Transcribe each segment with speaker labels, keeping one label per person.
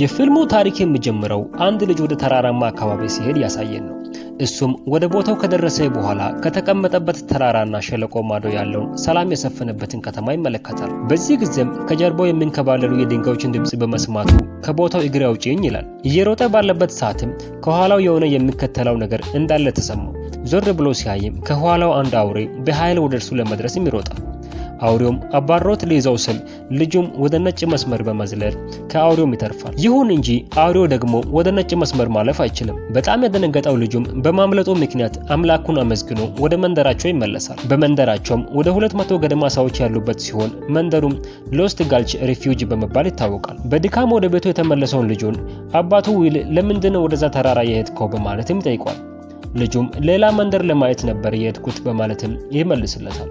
Speaker 1: የፊልሙ ታሪክ የሚጀምረው አንድ ልጅ ወደ ተራራማ አካባቢ ሲሄድ ያሳየን ነው። እሱም ወደ ቦታው ከደረሰ በኋላ ከተቀመጠበት ተራራና ሸለቆ ማዶ ያለውን ሰላም የሰፈነበትን ከተማ ይመለከታል። በዚህ ጊዜም ከጀርባው የሚንከባለሉ የድንጋዮችን ድምፅ በመስማቱ ከቦታው እግሬ አውጪኝ ይላል። እየሮጠ ባለበት ሰዓትም ከኋላው የሆነ የሚከተለው ነገር እንዳለ ተሰማው። ዞር ብሎ ሲያይም ከኋላው አንድ አውሬ በኃይል ወደ እርሱ ለመድረስም ይሮጣል። አውሬውም አባሮት ሊይዘው ስል ልጁም ወደ ነጭ መስመር በመዝለል ከአውሬውም ይተርፋል። ይሁን እንጂ አውሬው ደግሞ ወደ ነጭ መስመር ማለፍ አይችልም። በጣም ያደነገጠው ልጁም በማምለጡ ምክንያት አምላኩን አመስግኖ ወደ መንደራቸው ይመለሳል። በመንደራቸውም ወደ 200 ገደማ ሰዎች ያሉበት ሲሆን መንደሩም ሎስት ጋልች ሪፊውጅ በመባል ይታወቃል። በድካም ወደ ቤቱ የተመለሰውን ልጁን አባቱ ዊል ለምንድነው ወደዛ ተራራ የሄድከው በማለትም ይጠይቋል። ልጁም ሌላ መንደር ለማየት ነበር የሄድኩት በማለትም ይመልስለታል።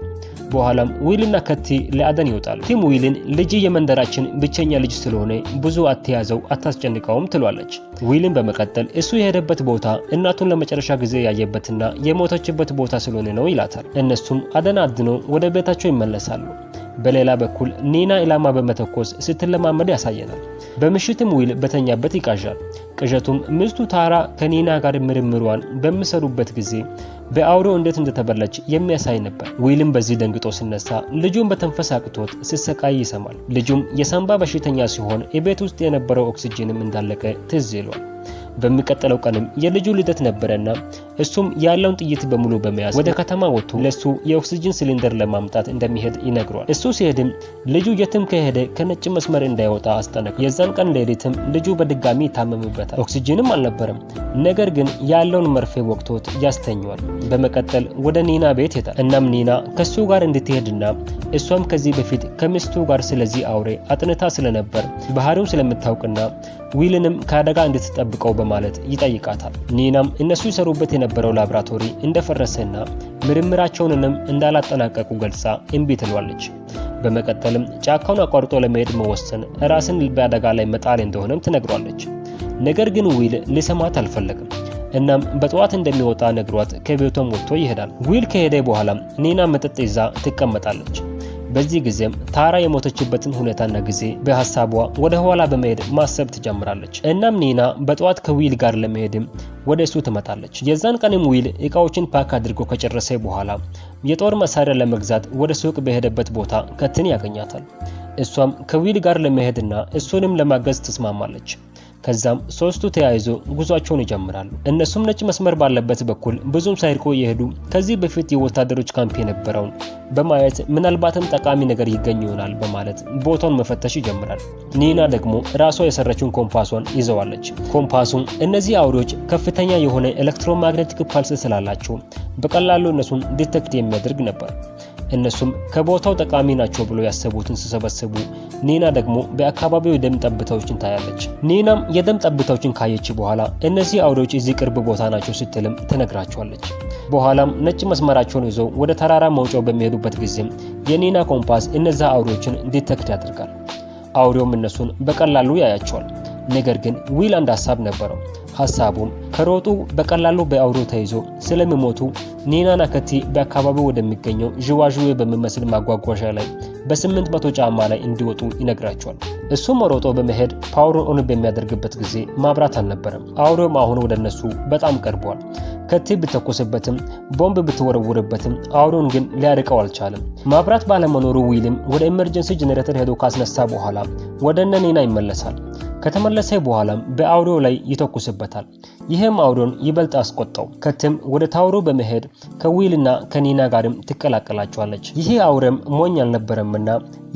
Speaker 1: በኋላም ዊልና ከቲ ለአደን ይወጣሉ። ቲም ዊልን ልጅ የመንደራችን ብቸኛ ልጅ ስለሆነ ብዙ አትያዘው፣ አታስጨንቀውም ትሏለች። ዊልን በመቀጠል እሱ የሄደበት ቦታ እናቱን ለመጨረሻ ጊዜ ያየበትና የሞተችበት ቦታ ስለሆነ ነው ይላታል። እነሱም አደን አድኖ ወደ ቤታቸው ይመለሳሉ። በሌላ በኩል ኒና ኢላማ በመተኮስ ስትለማመድ ያሳየናል። በምሽትም ዊል በተኛበት ይቃዣል። ቅዠቱም ሚስቱ ታራ ከኒና ጋር ምርምሯን በሚሰሩበት ጊዜ በአውሬ እንዴት እንደተበላች የሚያሳይ ነበር። ዊልም በዚህ ደንግጦ ሲነሳ ልጁን በተንፈስ አቅቶት ሲሰቃይ ይሰማል። ልጁም የሳንባ በሽተኛ ሲሆን የቤት ውስጥ የነበረው ኦክሲጅንም እንዳለቀ ትዝ ይሏል። በሚቀጥለው ቀንም የልጁ ልደት ነበረና እሱም ያለውን ጥይት በሙሉ በመያዝ ወደ ከተማ ወጥቶ ለሱ የኦክስጅን ሲሊንደር ለማምጣት እንደሚሄድ ይነግሯል። እሱ ሲሄድም ልጁ የትም ከሄደ ከነጭ መስመር እንዳይወጣ አስጠነቅ። የዛን ቀን ሌሊትም ልጁ በድጋሚ ይታመምበታል። ኦክስጅንም አልነበረም። ነገር ግን ያለውን መርፌ ወቅቶት ያስተኛዋል። በመቀጠል ወደ ኒና ቤት ይሄዳል። እናም ኒና ከሱ ጋር እንድትሄድና እሷም ከዚህ በፊት ከሚስቱ ጋር ስለዚህ አውሬ አጥንታ ስለነበር ባህሪው ስለምታውቅና ዊልንም ከአደጋ እንድትጠብቀው በማለት ይጠይቃታል። ኒናም እነሱ ይሰሩበት የነበረው ላብራቶሪ እንደፈረሰና ምርምራቸውንንም እንዳላጠናቀቁ ገልጻ እምቢ ትሏለች። በመቀጠልም ጫካውን አቋርጦ ለመሄድ መወሰን ራስን በአደጋ ላይ መጣል እንደሆነም ትነግሯለች። ነገር ግን ዊል ሊሰማት አልፈለግም። እናም በጠዋት እንደሚወጣ ነግሯት ከቤቷም ወጥቶ ይሄዳል። ዊል ከሄደ በኋላ ኒና መጠጥ ይዛ ትቀመጣለች። በዚህ ጊዜም ታራ የሞተችበትን ሁኔታና ጊዜ በሀሳቧ ወደ ኋላ በመሄድ ማሰብ ትጀምራለች። እናም ኒና በጠዋት ከዊል ጋር ለመሄድም ወደ እሱ ትመጣለች። የዛን ቀንም ዊል እቃዎችን ፓክ አድርጎ ከጨረሰ በኋላ የጦር መሳሪያ ለመግዛት ወደ ሱቅ በሄደበት ቦታ ከትን ያገኛታል። እሷም ከዊል ጋር ለመሄድና እሱንም ለማገዝ ትስማማለች። ከዛም ሶስቱ ተያይዞ ጉዟቸውን ይጀምራሉ። እነሱም ነጭ መስመር ባለበት በኩል ብዙም ሳይርቆ እየሄዱ ከዚህ በፊት የወታደሮች ካምፕ የነበረውን በማየት ምናልባትም ጠቃሚ ነገር ይገኝ ይሆናል በማለት ቦታውን መፈተሽ ይጀምራል። ኒና ደግሞ ራሷ የሰረችውን ኮምፓሷን ይዘዋለች። ኮምፓሱም እነዚህ አውሬዎች ከፍተኛ የሆነ ኤሌክትሮማግኔቲክ ፓልስ ስላላቸው በቀላሉ እነሱን ዲቴክት የሚያደርግ ነበር። እነሱም ከቦታው ጠቃሚ ናቸው ብለው ያሰቡትን ሲሰበስቡ ኒና ደግሞ በአካባቢው የደም ጠብታዎችን ታያለች። ኒናም የደም ጠብታዎችን ካየች በኋላ እነዚህ አውሬዎች እዚህ ቅርብ ቦታ ናቸው ስትልም ትነግራቸዋለች። በኋላም ነጭ መስመራቸውን ይዘው ወደ ተራራ መውጫው በሚሄዱበት ጊዜ የኒና ኮምፓስ እነዛ አውሬዎችን ዲቴክት ያደርጋል። አውሬውም እነሱን በቀላሉ ያያቸዋል። ነገር ግን ዊል አንድ ሀሳብ ነበረው። ሀሳቡም ከሮጡ በቀላሉ በአውሎ ተይዞ ስለሚሞቱ ኒናና ከቲ በአካባቢው ወደሚገኘው ዥዋዥዌ በሚመስል ማጓጓዣ ላይ በስምንት መቶ ጫማ ላይ እንዲወጡ ይነግራቸዋል። እሱም ሮጦ በመሄድ ፓወሩን ኦን በሚያደርግበት ጊዜ ማብራት አልነበረም። አውሬውም አሁን ወደ እነሱ በጣም ቀርቧል። ከቲ ብተኮስበትም ቦምብ ብትወረውርበትም አውሬውን ግን ሊያርቀው አልቻለም። ማብራት ባለመኖሩ ዊልም ወደ ኤመርጀንሲ ጄኔሬተር ሄዶ ካስነሳ በኋላ ወደ እነ ይመለሳል። ከተመለሰ በኋላም በአውሬው ላይ ይተኩስበታል። ይህም አውሬውን ይበልጥ አስቆጣው። ከትም ወደ ታውሮ በመሄድ ከዊልና ከኒና ጋርም ትቀላቀላቸዋለች። ይህ አውሬም ሞኝ አልነበረምና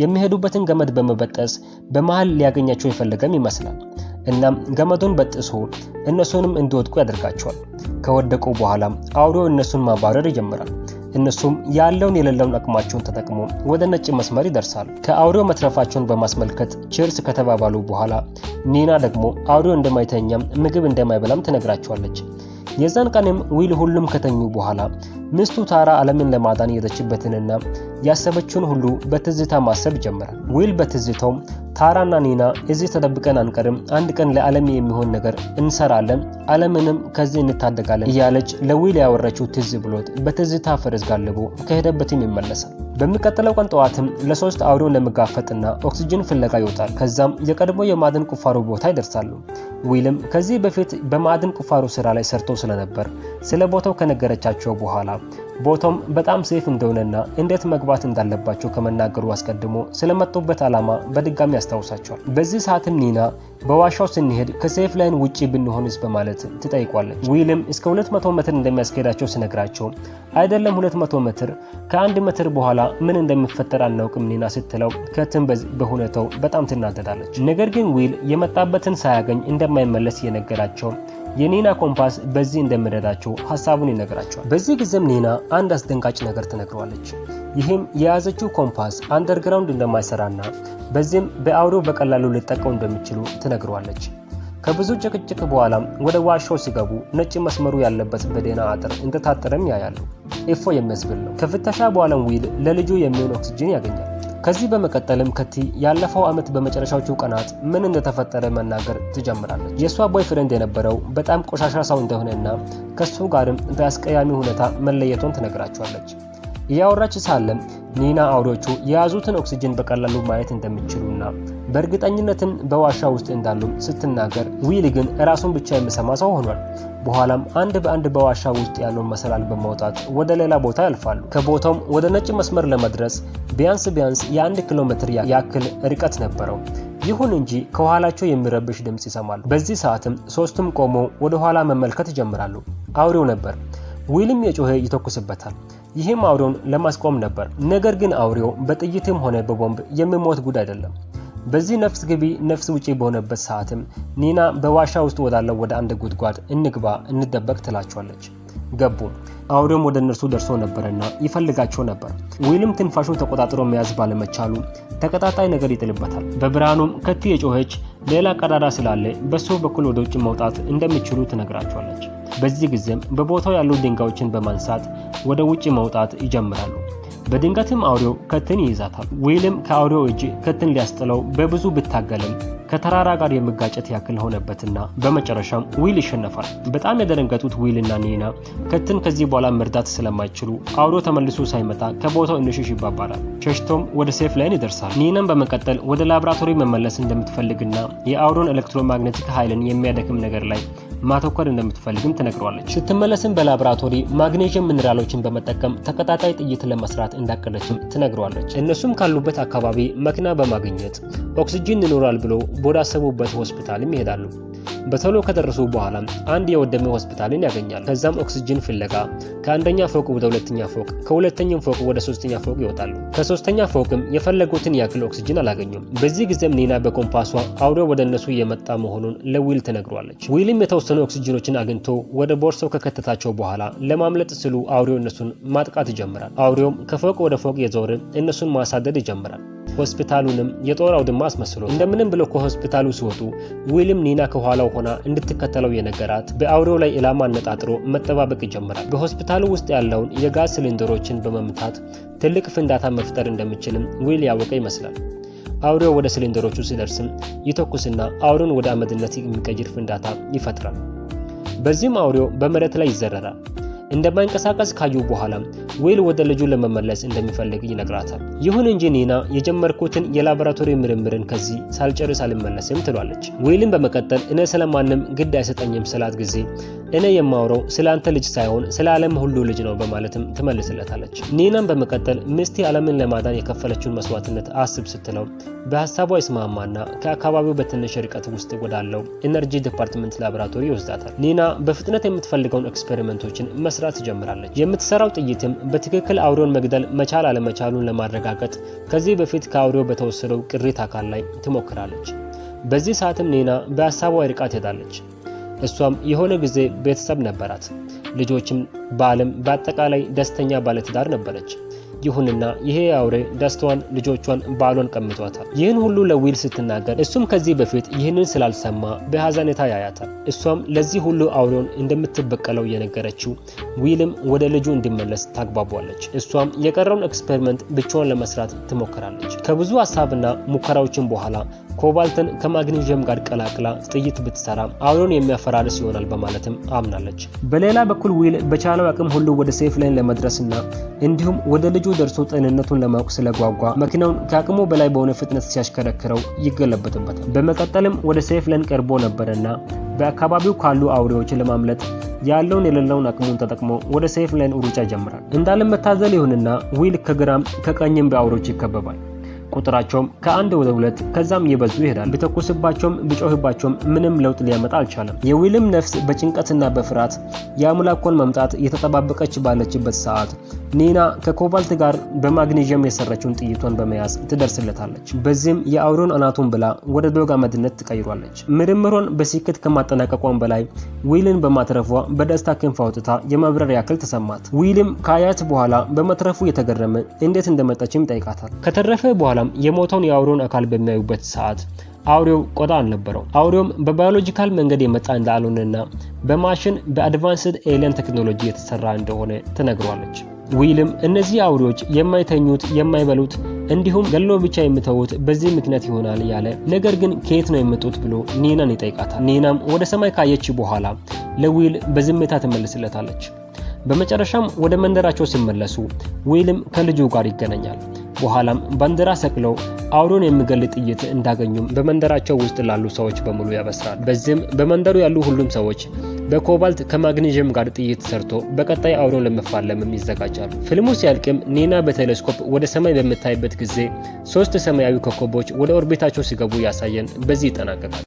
Speaker 1: የሚሄዱበትን ገመድ በመበጠስ በመሃል ሊያገኛቸው የፈለገም ይመስላል። እናም ገመዱን በጥሶ እነሱንም እንዲወድቁ ያደርጋቸዋል። ከወደቁ በኋላ አውሬው እነሱን ማባረር ይጀምራል። እነሱም ያለውን የሌለውን አቅማቸውን ተጠቅሞ ወደ ነጭ መስመር ይደርሳል። ከአውሬው መትረፋቸውን በማስመልከት ቼርስ ከተባባሉ በኋላ ኒና ደግሞ አውሬው እንደማይተኛም ምግብ እንደማይበላም ትነግራቸዋለች። የዛን ቀንም ዊል ሁሉም ከተኙ በኋላ ሚስቱ ታራ ዓለምን ለማዳን የሄደችበትንና ያሰበችውን ሁሉ በትዝታ ማሰብ ጀመረ። ዊል በትዝታውም ታራና ኒና እዚህ ተደብቀን አንቀርም፣ አንድ ቀን ለዓለም የሚሆን ነገር እንሰራለን፣ ዓለምንም ከዚህ እንታደጋለን እያለች ለዊል ያወራችው ትዝ ብሎት በትዝታ ፈርዝ ጋልቦ ከሄደበትም ይመለሳል። በሚቀጥለው ቀን ጠዋትም ለሶስት አውሬ ለመጋፈጥና ኦክሲጅን ፍለጋ ይወጣል። ከዛም የቀድሞ የማዕድን ቁፋሮ ቦታ ይደርሳሉ። ዊልም ከዚህ በፊት በማዕድን ቁፋሮ ስራ ላይ ሰርቶ ስለነበር ስለ ቦታው ከነገረቻቸው በኋላ ቦታውም በጣም ሴፍ እንደሆነና እንዴት መግባት እንዳለባቸው ከመናገሩ አስቀድሞ ስለመጡበት ዓላማ በድጋሚ ያስታውሳቸዋል። በዚህ ሰዓትም ኒና በዋሻው ስንሄድ ከሴፍ ላይን ውጪ ብንሆንስ በማለት ትጠይቋለች። ዊልም እስከ 200 ሜትር እንደሚያስኬዳቸው ሲነግራቸው አይደለም 200 ሜትር ከአንድ ሜትር በኋላ ምን እንደሚፈጠር አናውቅም ኒና ስትለው ከትንበዝ በሁኔታው በጣም ትናደዳለች። ነገር ግን ዊል የመጣበትን ሳያገኝ እንደማይመለስ የነገራቸው የኒና ኮምፓስ በዚህ እንደምረዳቸው ሀሳቡን ይነግራቸዋል። በዚህ ጊዜም ኒና አንድ አስደንጋጭ ነገር ትነግረዋለች። ይህም የያዘችው ኮምፓስ አንደርግራውንድ እንደማይሰራና በዚህም በአውሬው በቀላሉ ሊጠቀው እንደሚችሉ ትነግረዋለች። ከብዙ ጭቅጭቅ በኋላም ወደ ዋሻው ሲገቡ ነጭ መስመሩ ያለበት በደህና አጥር እንደታጠረም ያያሉ። ኤፎ የሚያስብል ነው። ከፍተሻ በኋላም ዊል ለልጁ የሚሆን ኦክስጅን ያገኛል። ከዚህ በመቀጠልም ከቲ ያለፈው ዓመት በመጨረሻዎቹ ቀናት ምን እንደተፈጠረ መናገር ትጀምራለች። የእሷ ቦይ ፍሬንድ የነበረው በጣም ቆሻሻ ሰው እንደሆነና ከእሱ ጋርም በአስቀያሚ ሁኔታ መለየቷን ትነግራቸዋለች። እያወራች ሳለም ኒና አውዶቹ የያዙትን ኦክሲጅን በቀላሉ ማየት እንደሚችሉና በእርግጠኝነትም በዋሻ ውስጥ እንዳሉ ስትናገር፣ ዊል ግን ራሱን ብቻ የሚሰማ ሰው ሆኗል። በኋላም አንድ በአንድ በዋሻ ውስጥ ያለውን መሰላል በማውጣት ወደ ሌላ ቦታ ያልፋሉ። ከቦታውም ወደ ነጭ መስመር ለመድረስ ቢያንስ ቢያንስ የአንድ ኪሎ ሜትር ያክል ርቀት ነበረው። ይሁን እንጂ ከኋላቸው የሚረብሽ ድምፅ ይሰማሉ። በዚህ ሰዓትም ሶስቱም ቆመው ወደ ኋላ መመልከት ይጀምራሉ። አውሬው ነበር። ዊልም የጮኸ ይተኩስበታል። ይህም አውሬውን ለማስቆም ነበር። ነገር ግን አውሬው በጥይትም ሆነ በቦምብ የሚሞት ጉድ አይደለም። በዚህ ነፍስ ግቢ ነፍስ ውጪ በሆነበት ሰዓትም ኒና በዋሻ ውስጥ ወዳለው ወደ አንድ ጉድጓድ እንግባ እንደበቅ ትላቸዋለች። ገቡ። አውሬውም ወደ እነርሱ ደርሶ ነበርና ይፈልጋቸው ነበር። ዊልም ትንፋሹ ተቆጣጥሮ መያዝ ባለመቻሉ ተቀጣጣይ ነገር ይጥልበታል። በብርሃኑም ከቲ የጮኸች ሌላ ቀዳዳ ስላለ በሱ በኩል ወደ ውጭ መውጣት እንደሚችሉ ትነግራቸዋለች። በዚህ ጊዜም በቦታው ያሉ ድንጋዮችን በማንሳት ወደ ውጭ መውጣት ይጀምራሉ። በድንገትም አውሬው ከትን ይይዛታል። ዊልም ከአውሬው እጅ ከትን ሊያስጥለው በብዙ ብታገልም ከተራራ ጋር የመጋጨት ያክል ሆነበትና በመጨረሻም ዊል ይሸነፋል። በጣም የደነገጡት ዊልና ኒና ከትን ከዚህ በኋላ መርዳት ስለማይችሉ አውሬው ተመልሶ ሳይመጣ ከቦታው እንሽሽ ይባባላል። ሸሽቶም ወደ ሴፍ ላይን ይደርሳል። ኒናም በመቀጠል ወደ ላብራቶሪ መመለስ እንደምትፈልግና የአውሬውን ኤሌክትሮማግኔቲክ ኃይልን የሚያደክም ነገር ላይ ማተኮር እንደምትፈልግም ትነግረዋለች። ስትመለስም በላብራቶሪ ማግኔዥየም ሚኒራሎችን በመጠቀም ተቀጣጣይ ጥይት ለመስራት እንዳቀደችም ትነግረዋለች። እነሱም ካሉበት አካባቢ መኪና በማግኘት ኦክስጂን ይኖራል ብሎ ወዳሰቡበት ሆስፒታልም ይሄዳሉ። በቶሎ ከደረሱ በኋላ አንድ የወደመ ሆስፒታልን ያገኛል። ከዛም ኦክስጅን ፍለጋ ከአንደኛ ፎቅ ወደ ሁለተኛ ፎቅ፣ ከሁለተኛም ፎቅ ወደ ሶስተኛ ፎቅ ይወጣሉ። ከሶስተኛ ፎቅም የፈለጉትን ያክል ኦክስጅን አላገኙም። በዚህ ጊዜም ኒና በኮምፓሷ አውሬው ወደ እነሱ እየመጣ መሆኑን ለዊል ትነግሯለች። ዊልም የተወሰነ የተወሰኑ ኦክሲጅኖችን አግኝቶ ወደ ቦርሳው ከከተታቸው በኋላ ለማምለጥ ስሉ አውሬው እነሱን ማጥቃት ይጀምራል። አውሬውም ከፎቅ ወደ ፎቅ የዞረ እነሱን ማሳደድ ይጀምራል። ሆስፒታሉንም የጦር አውድማ አስመስሎ እንደምንም ብሎ ከሆስፒታሉ ሲወጡ ዊልም ኒና ከኋላው ሆና እንድትከተለው የነገራት በአውሬው ላይ ኢላማ አነጣጥሮ መጠባበቅ ይጀምራል። በሆስፒታሉ ውስጥ ያለውን የጋዝ ሲሊንደሮችን በመምታት ትልቅ ፍንዳታ መፍጠር እንደሚችልም ዊል ያወቀ ይመስላል። አውሬው ወደ ሲሊንደሮቹ ሲደርስም ይተኩስና አውሬውን ወደ አመድነት የሚቀይር ፍንዳታ ይፈጥራል። በዚህም አውሬው በመሬት ላይ ይዘረራል። እንደማይንቀሳቀስ ካዩ በኋላ ዌል ወደ ልጁ ለመመለስ እንደሚፈልግ ይነግራታል። ይሁን እንጂ ኒና የጀመርኩትን የላቦራቶሪ ምርምርን ከዚህ ሳልጨርስ አልመለስም ትሏለች። ዌልን በመቀጠል እኔ ስለማንም ግድ አይሰጠኝም ስላት ጊዜ እኔ የማውረው ስለ አንተ ልጅ ሳይሆን ስለ ዓለም ሁሉ ልጅ ነው በማለትም ትመልስለታለች። ኒናም በመቀጠል ምስቲ ዓለምን ለማዳን የከፈለችውን መስዋዕትነት አስብ ስትለው በሀሳቧ ይስማማና ከአካባቢው በትንሽ ርቀት ውስጥ ወዳለው ኢነርጂ ዲፓርትመንት ላቦራቶሪ ይወስዳታል። ኒና በፍጥነት የምትፈልገውን ኤክስፔሪመንቶችን መስራት ትጀምራለች። የምትሰራው ጥይትም በትክክል አውሬውን መግደል መቻል አለመቻሉን ለማረጋገጥ ከዚህ በፊት ከአውሬው በተወሰደው ቅሪት አካል ላይ ትሞክራለች። በዚህ ሰዓትም ኔና በሀሳቧ ርቃ ትሄዳለች። እሷም የሆነ ጊዜ ቤተሰብ ነበራት፣ ልጆችም፣ ባልም በአጠቃላይ ደስተኛ ባለትዳር ነበረች። ይሁንና ይሄ አውሬ ደስቷን፣ ልጆቿን፣ ባሏን ቀምቷታል። ይህን ሁሉ ለዊል ስትናገር እሱም ከዚህ በፊት ይህንን ስላልሰማ በሐዘኔታ ያያታል። እሷም ለዚህ ሁሉ አውሬውን እንደምትበቀለው የነገረችው ዊልም ወደ ልጁ እንዲመለስ ታግባቧለች። እሷም የቀረውን ኤክስፔሪመንት ብቻዋን ለመስራት ትሞክራለች። ከብዙ ሀሳብና ሙከራዎችን በኋላ ኮባልትን ከማግኔዥየም ጋር ቀላቅላ ጥይት ብትሰራ አሁኑን የሚያፈራርስ ይሆናል በማለትም አምናለች። በሌላ በኩል ዊል በቻለው አቅም ሁሉ ወደ ሴፍ ላይን ለመድረስና እንዲሁም ወደ ልጁ ደርሶ ጤንነቱን ለማወቅ ስለጓጓ መኪናውን ከአቅሙ በላይ በሆነ ፍጥነት ሲያሽከረክረው ይገለበጥበታል። በመቀጠልም ወደ ሴፍ ላይን ቀርቦ ነበረና በአካባቢው ካሉ አውሬዎች ለማምለጥ ያለውን የሌለውን አቅሙን ተጠቅሞ ወደ ሴፍ ላይን ሩጫ ይጀምራል። እንዳለመታዘል ይሁንና ዊል ከግራም ከቀኝም በአውሬዎች ይከበባል። ቁጥራቸውም ከአንድ ወደ ሁለት ከዛም እየበዙ ይሄዳል። ብተኩስባቸውም ብጮህባቸውም ምንም ለውጥ ሊያመጣ አልቻለም። የዊልም ነፍስ በጭንቀትና በፍርሃት የአምላኮን መምጣት የተጠባበቀች ባለችበት ሰዓት ኒና ከኮባልት ጋር በማግኔዥየም የሰራችውን ጥይቷን በመያዝ ትደርስለታለች። በዚህም የአውሬውን አናቱን ብላ ወደ ዶግ አመድነት ትቀይሯለች። ምርምሯን በስኬት ከማጠናቀቋን በላይ ዊልን በማትረፏ በደስታ ክንፍ አውጥታ የመብረር ያክል ተሰማት። ዊልም ከአያት በኋላ በመትረፉ የተገረመ እንዴት እንደመጣችም ይጠይቃታል። ከተረፈ በኋላ እናም የሞተውን የአውሬውን አካል በሚያዩበት ሰዓት አውሬው ቆዳ አልነበረው። አውሬውም በባዮሎጂካል መንገድ የመጣ እንዳልሆነና በማሽን በአድቫንስድ ኤሊያን ቴክኖሎጂ የተሰራ እንደሆነ ትነግሯለች። ዊልም እነዚህ አውሬዎች የማይተኙት የማይበሉት፣ እንዲሁም ገሎ ብቻ የምተውት በዚህ ምክንያት ይሆናል ያለ፣ ነገር ግን ከየት ነው የመጡት ብሎ ኒናን ይጠይቃታል። ኒናም ወደ ሰማይ ካየች በኋላ ለዊል በዝምታ ትመልስለታለች። በመጨረሻም ወደ መንደራቸው ሲመለሱ ዊልም ከልጁ ጋር ይገናኛል። በኋላም ባንዲራ ሰቅለው አውሬውን የሚገል ጥይት እንዳገኙም በመንደራቸው ውስጥ ላሉ ሰዎች በሙሉ ያበስራል። በዚህም በመንደሩ ያሉ ሁሉም ሰዎች በኮባልት ከማግኔዥየም ጋር ጥይት ሰርቶ በቀጣይ አውሬውን ለመፋለምም ይዘጋጃሉ። ፊልሙ ሲያልቅም ኒና በቴሌስኮፕ ወደ ሰማይ በምታይበት ጊዜ ሶስት ሰማያዊ ኮከቦች ወደ ኦርቢታቸው ሲገቡ ያሳየን በዚህ ይጠናቀቃል።